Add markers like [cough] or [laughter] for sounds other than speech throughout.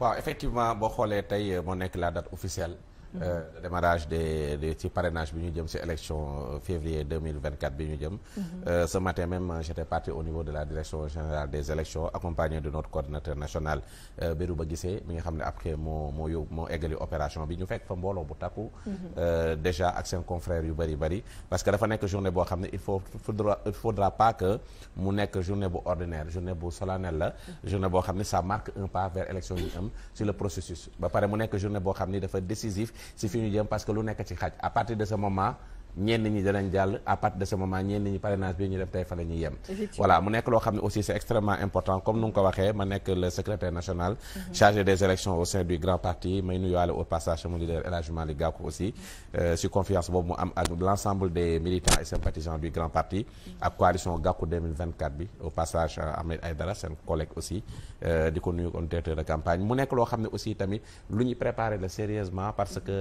waaw effectivement boo xoolee tey euh, moo nekk laa date officielle Euh, le démarrage des ci parrainage bi ñu jëm ci élection euh, février 2024 bi ñu jëm. Mhm. Euh, ce matin même j'étais parti au niveau de la direction générale des élections accompagné de notre coordinateur national Bérouba Guissé mi nga xam ne après moo moo yóbbu moo eggali opération bi ñu fekk fa mbooloo bu takku. Mhm. déjà ak seen confrères yu bari bari parce que dafa nekk journée boo xam ne il faut faudra il faudra pas que mu nekk journée bu ordinaire journée bu solennelle la. journée boo xam ne ça marque un pas vers élection yi am sur pare mu nekk journée boo xam ni dafa décisif. si fi ñu jëm parce que lu nekk ci xaj à partir de ce moment ñenn ñi danañ jàll à partir de ce moment ñenn ñi parrainage bi ñu dem tey fa yem voilà mu nekk loo xam ne aussi c'est extrêmement important comme nu nga ko waxee ma nekk le secrétaire national mhm. chargé des élections au sein du grand parti may nuyuwaale au passage sama leader El Hadji aussi euh, si confiance boobu mu am ak l'ensemble des militants et sympathisants du grand parti mhm. ak coalition Gakou bi au passage euh, Ahmed Aïdara seen collègue euh, que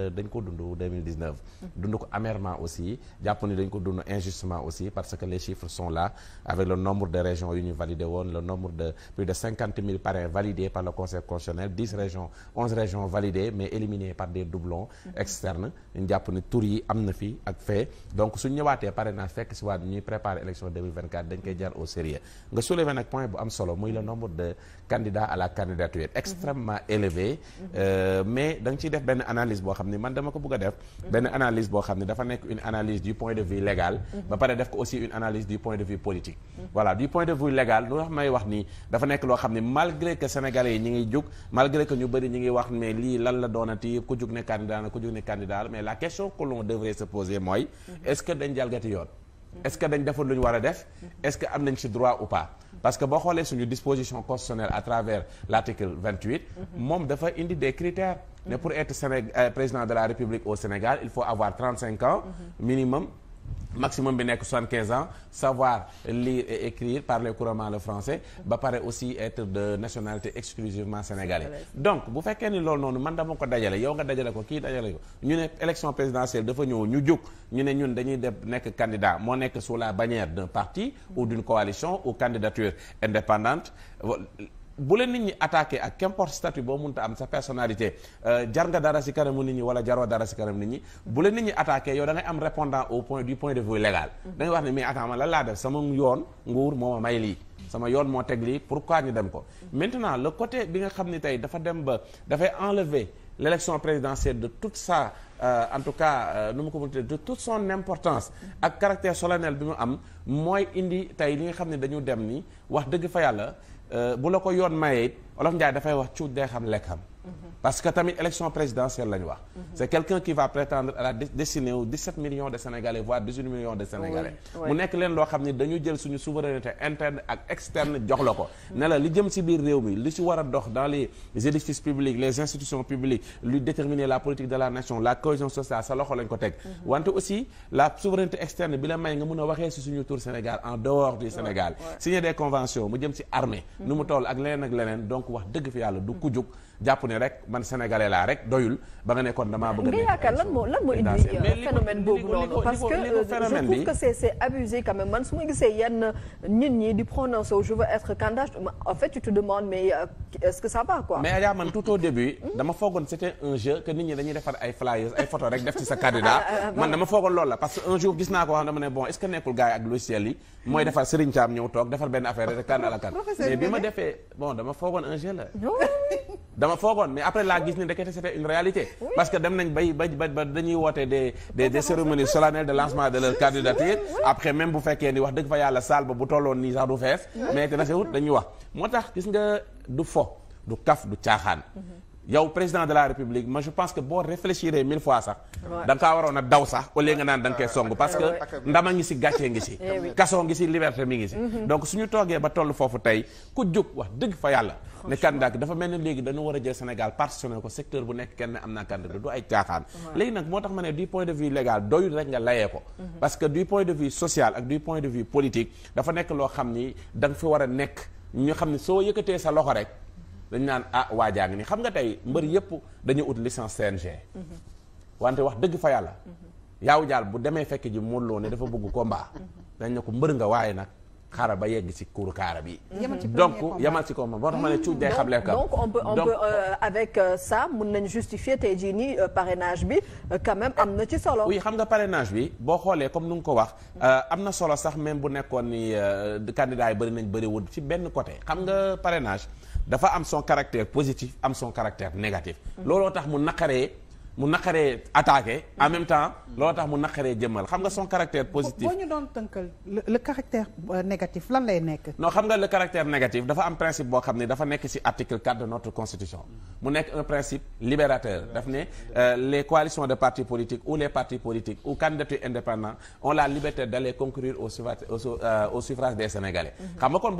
dañ ko mhm. ko amèrement aussi aussi jàpp ni dañ ko dund injustement aussi parce que les chiffres sont là avec le nombre de régions yu ñu validé woon le nombre de plus de mille parrains validés par le conseil constitutionnel dix régions onze régions validées mais éliminées par des doublons mhm. externes ñu jàpp ni tur yi am na fi ak fee donc suñ ñëwaatee parrainage fekk si waat ñuy préparer élection 2024 dañ koy jar au sérieux nga soulever nag point bu am solo muy le nombre de candidats à la candidature mhm. mhm. euh, mais da nga ciy benn analyse boo xam ni man dama ko bëgg a def analyse du point de vue légal mhm. ba pare def ko aussi une analyse du point de vue politique voilà du point de vue légal lu tax may wax nii dafa nekk loo xam ne malgré que sénégalais yi ñi ngi jóg malgré que ñu bëri ñi ngi wax mais lii lan la doonati ku jug ne candidat la ku jug ne candidat mais la question que l'on se poser mooy mhm. est-ce que dañ jalgati yoon mhm. est-ce que dañ defoon lu ñu def est-ce que am nañ ci droit ou pas parce que boo xoolee suñu disposition constitutionnelle à travers l'article 28 moom dafa indi des critères ne pour être Séné euh, président de la République au Sénégal il faut avoir 35 ans mhm. minimum maximum bi nekk soixante quinze ans savoir lire et écrire parler couramment le français ba pare aussi être de nationalité exclusivement sénégalaise donc bu fekkee ni loolu noonu man dama ko dajale yow nga dajale ko kii dajale ko ñu ne élection présidentielle dafa ñëw ñu jóg ñu ne ñun dañuy def nekk candidat moo nekk su la bannière d'un parti ou d'une coalition ou candidature indépendante bu leen nit ñi attaqué ak qu'importe statut boo mënta am sa personnalité euh, jar nga dara si kanamu nit ñi wala jaroo dara si kanamu nit ñi bu leen nit ñi attaqué yow da am répondant au point du point de vue légal da wax ne mais attends man lan laa sama yoon nguur moo ma may lii sama yoon moo teg lii pourquoi ñu dem ko maintenant le côté bi nga xam ni tey dafa dem ba dafay enlever l'élection présidentielle de tout sa Euh, en tout cas euh, nu ma ko mënatee de toute son importance ak caractère solennel bi mu am mooy indi tey li nga xam ne dañu dem ni wax dëgg fa yàlla euh, bu la ko yoon mayee it Olof Njaay dafay wax cuut dee xam lekk xam parce que tamit élection présidentielle la wax. c'est quelqu'un qui va prétendre à la destinée aux 17 millions de Sénégalais voire 18 millions de Sénégalais. mu nekk leen loo xam ne dañu jël suñu souveraineté interne ak externe jox la ko. ne la li jëm ci biir réew mi li ci war a dox dans les édifices publics les institutions publiques lui déterminer la politique de la nation la cohésion sociale sa loxo lañ ko teg. Mhm. wante aussi la souveraineté man sénégalais laa rek doyul ba nga ne a. nga yaakaar tout au début. dama foogoon c'était un jeu que [laughs] ah, ah, ah, dama foogoon loolu la parce un jour gis naa ko wax dama ne bon est-ce que nekkul gars yi ak logiciel yi. mooy defar Serigne ñëw toog defar benn affaire rek kan à mais bi ma defee bon dama foogoon un jeu la. Oh, dama foogoon mais après laa gis ni ndekete c'était une réalité parce que dem nañ bay ba ba dañuy woote des des des cérémonies de lancement de leur candidature après même bu fekkee ni wax dëgg fa yàlla salle ba bu tolloon nii sax du fees mais te na sewut dañuy wax moo tax gis nga du fo du kaf du caaxaan mhm. yow président de la république ma je pense que boo réfléchir mille fois sax da nga kaa waroon a daw sax au nga naan da nga koy song parce que ndama ngi si gàccee ngi si eh kasoo ngi si liberté mi ngi si mhm. donc suñu toogee ba toll foofu tey ku jóg wax dëgg ne candidat gi dafa mel ne léegi dañu war a jël Sénégal partitionné ko secteur bu nekk kenn am naa candidat du ay caaxaan léegi nag moo tax ma ne du point de vue légal doyul rek nga layee ko mhm. parce que du point de vue social ak du point de vue politique dafa nekk loo xam ni da nga fi war a nekk ñu xam ne soo yëkkatee sa loxo rek dañ naan ah waajaa ngi ni xam nga tey mbër yëpp dañuy ut licence CNG mhm. wante wax dëgg fa yàlla mhm. yaaw jaal bu demee fekk ji Modou Lô ne dafa bëgg combat dañ ne ko mbër nga waaye nag xara ba yegg ci kuuru kaara bi. Mm-hmm. donc yamal ci combat boo tax ma ne cuuj day xam mm-hmm. lekk donc on peut on peut euh, avec euh, ça mun nañ justifier tey jii nii euh, parrainage bi quand même am na ci solo. wii xam nga parenage bi boo xoolee comme nu nga ko wax am na solo sax même bu nekkoon ni candidat yi bëri nañ bëriwul ci benn côté xam nga parrainage dafa am son caractère positif am son caractère négatif. Mm-hmm. looloo tax mu naqaree. mu naqaree attaqué en même temps loo tax mu naqaree jëmmal xam nga son caractère positif. boo ñu doon tënkal le caractère euh, négatif lan lay nekk. non xam nga le caractère négatif dafa am principe boo xam ne dafa nekk ci article 4 de notre constitution mu nekk un principe libérateur daf ne euh, les coalitions de partis politiques ou les partis politiques ou candidatures indépendantes ont la liberté d'aller concourir au euh, suffrage des Sénégalais. xam nga kon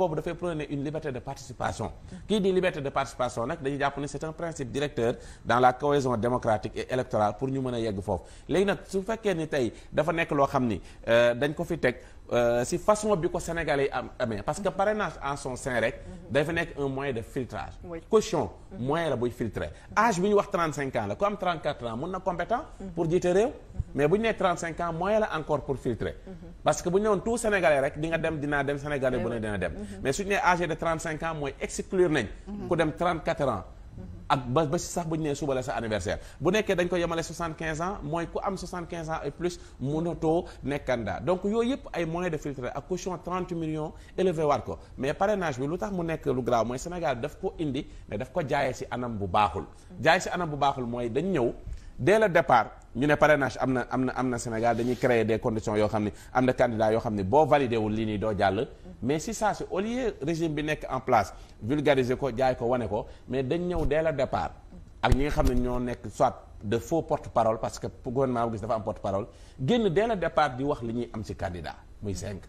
électoral pour ñu mën a yegg foofu léegi nag su fekkee ni tey dafa nekk loo xam ni euh, dañ ko fi teg euh, si façon bi ko sénégalais yi am amee parce que parrainage en son sein rek dafa nekk un moyen de filtrage caution moyen la buy filtrer âge bi ñu wax 35 ans la ku am 34 ans mun na compétent pour jiite réew mais bu ñu nee 35 ans moyen la encore pour filtrer parce que bu ñu newoon tout sénégalais rek di nga dem dinaa dem sénégalais eh bu ne dem mm-hmm. mais suñu nee âgé de 35 ans mooy exclure nañ mm-hmm. ku dem 34 ans ak ba ba si sax bu ñu nee suba la sa anniversaire bu nekkee dañ ko yemale 75 ans mooy ku am 75 ans et plus mënatoo nekk donc yooyu yëpp ay moyens de filtre ak caution 30 millions élevé waat ko mais parrainage bi lu tax mu nekk lu grave mooy Sénégal daf ko indi mais daf ko jaayee si anam bu baaxul. jaayee si anam bu baaxul mooy dañ ñëw. dès le départ ñu ne parrainage am na am na am na Sénégal dañuy créer des conditions yoo xam ne am na candidat yoo xam ne boo validé wul lii nii doo jàll. mais si saa si au lieu régime bi nekk en place vulgariser ko jaay ko wane ko mais dañ ñëw dès le départ. ak ñu nga xam ne ñoo nekk soit de faux porte-parole parce que gouvernement bu gis dafa am porte-parole génn dès le départ di wax li ñuy am si candidat muy cinq.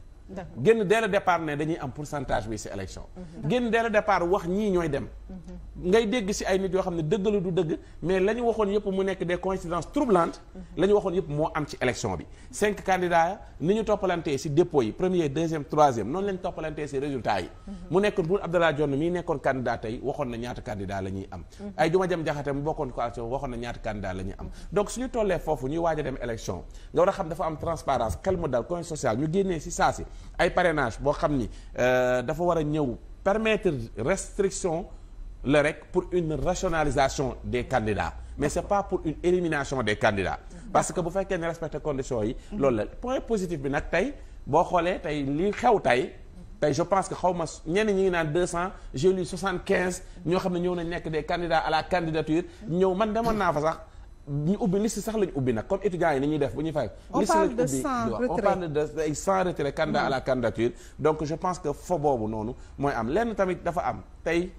génn dès le départ ne dañuy am pourcentage bi si élection mhm. génn dès le départ wax ñii ñooy dem mhm. ngay dégg si ay nit yoo xam ne dëgg la du dëgg mais la ñu waxoon yëpp mu nekk des coïncidences troublantes mhm. la ñu waxoon yëpp moo am ci élection bi cinq candidats ni ñu toppalantee si dépôt yi premier deuxième troisième noonu la toppalantee si résultat yi mu nekkoon bu Abdallah Dionne mii nekkoon candidat tey waxoon na ñaata candidat la ñuy am ay juma jam jaxate mu bokkoon coalition waxoon na am donc a dem élection nga war a ay parrainage boo xam ni euh, dafa war a ñëw permettre restriction la rek pour une rationalisation des candidats mais c'est pas pour une élimination des candidats parce que bu fekkee ne respecter conditions yi mhm. loolu la point positif bi nag tey boo xoolee tey li xew tey tey je pense que xaw ma ñenn ñi ngi naan deux cent j'ai lu soixante quinze ñoo xam ne ñëw nañ nekk des candidats à la candidature mhm. ñëw man demoon naa fa sax ñu ubbi liste sax lañ ubbi nag comme étudiants yi ni ñuy def bu ñuy fay. on parle de sans retrait candidat à la hmm. candidature donc je pense que fo boobu noonu mooy am lenn tamit dafa am tey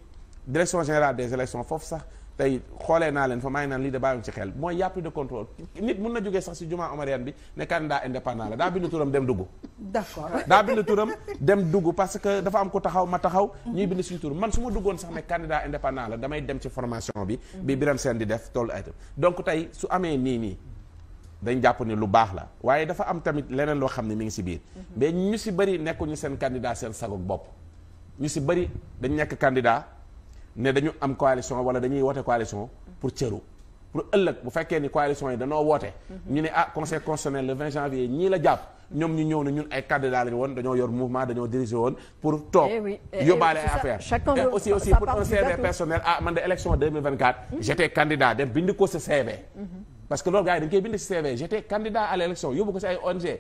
direction générale des élections foofu sax tey xoolee naa leen fa maa ngi naan lii de bàyyiwuñ ci xel mooy yàpp de contrôle nit mun na jógee sax si jumaa omarienne bi ne candidat indépendant la daa bind turam dem dugg d'accord dem dugg parce que dafa am ko taxaw ma taxaw ñuy bind suñu tur man su ma duggoon sax ne candidat indépendant la damay dem ci formation bi bi Birame seen di def toll itam donc tey su amee nii nii dañ jàpp ni lu baax la waaye dafa am tamit leneen loo xam ne mi ngi si biir mhm. mais ñu si bëri nekkuñu seen candidat seen sagog bopp ñu si bëri dañ nekk candidat ne dañu am coalition wala dañuy woote coalition pour cëru pour ëllëg bu fekkee ni coalition yi danoo woote mhm. ñu ne ah conseil constitutionnel le 20 janvier ñii la jàpp ñoom ñu ñëw ne ñun ay candidat lañu woon dañoo yor mouvement dañoo diriger woon pour toog eh eh, yóbbaale eh, ay affaire et aussi aussi pour un CV personnel ah man de élection 2024 mhm. j'étais candidat dem bind ko sa mhm. parce que loolu gars yi dañu bind si CV j'étais candidat à l'élection yóbbu ko si ay ONG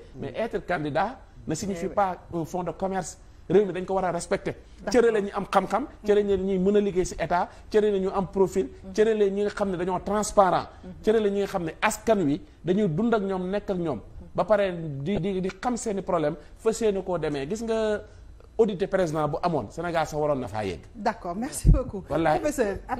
réew mi dañ ko war a respecté cëre la ñu am xam-xam cëre la ñuy mën a liggéey si état cëre la ñu am profil cëre la ñi nga xam ne dañoo transparent cëre la ñi nga xam ne askan wi dañuy dund ak ñoom nekk ak ñoom ba pare di di di xam seeni problème fa seeni koo demee gis nga audité président bu amoon Sénégal sax waroon na faa yegg d'accord merci beaucoup professeur